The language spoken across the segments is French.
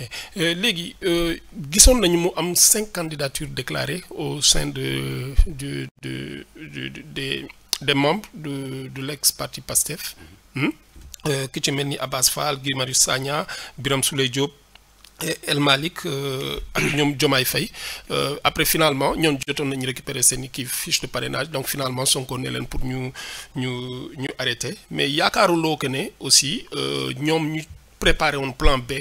Eh, eh, Les euh, gars, nañu 5 am cinq candidatures déclarées au sein de des membres de l'ex parti PASTEF hmm? euh, ki ci Abbas Fall Guillaume Marius Biram Birame Souleye Diop El Malik euh, ak après finalement nous avons récupéré récupérer fiches fiche de parrainage donc finalement son sommes connus pour ñu ñu ñu y mais il y a aussi nous avons préparé un plan B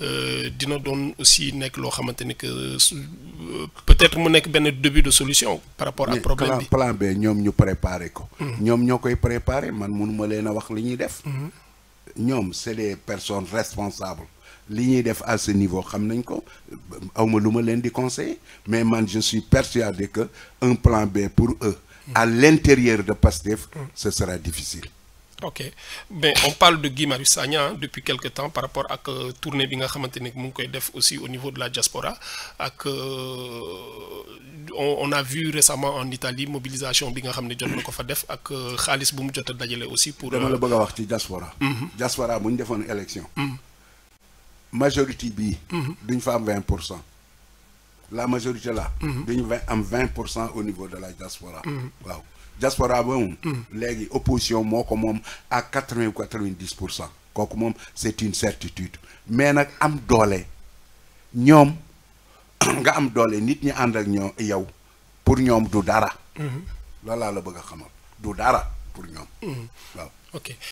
euh, dina donne aussi nek lo xamanteni que euh, peut-être mu nek ben début de solution. par rapport à problème bi plan B nous ñu préparer ko. Mm. ñom ñoo préparer man mënuma leen a wax li def. Mm-hmm. c'est les personnes responsables. li ñuy def à ce niveau xam nañ ko awma luma leen di conseiller mais man je suis persuadé que un plan B pour eux. à l'intérieur de PASTEF. Mm. ce sera difficile ok ben on parle de Guy Marius hein, depuis quelque temps par rapport à euh, tournée bi nga xamante def aussi au niveau de la diaspora ak euh, on a vu récemment en Italie mobilisation bi nga xam à que na fa def ak que euh, bu mu jot aussi. pour dama la bëgg a wax ci diaspora. Mhm. diaspora bu ñu une élection. Mhm. majorité B, mhm. duñ fa am vingt pour la majorité là mhm. dañu au niveau de la diaspora La mhm. diaspora mhm. l'opposition opposition à 80 ou quatre c'est une certitude mais en am nga am nit ñi nous ak ñoo pour ñoom du dara loolu la a pour ok